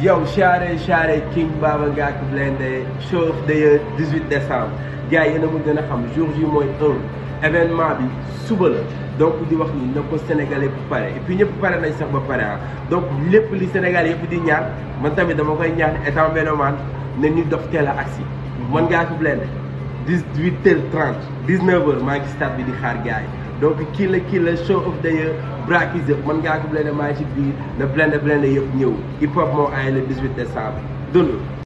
Yo, share, share, King Baba Blende, chauffe d'ailleurs 18 décembre gars yéen a jour de événement bi donc di wax ni sénégalais pour parler. et puis ñëpp a sax ba ah. donc les li sénégalais yëpp di ñaan man tamit dama koy étant na nous la man gars, blende 18h30 19h je gars donc Killa Killa show of the year Brak is ngaa ko blende maa ngi ci biir na blende blende yëpp ñëw hip hop moo aay le 18 décembre dund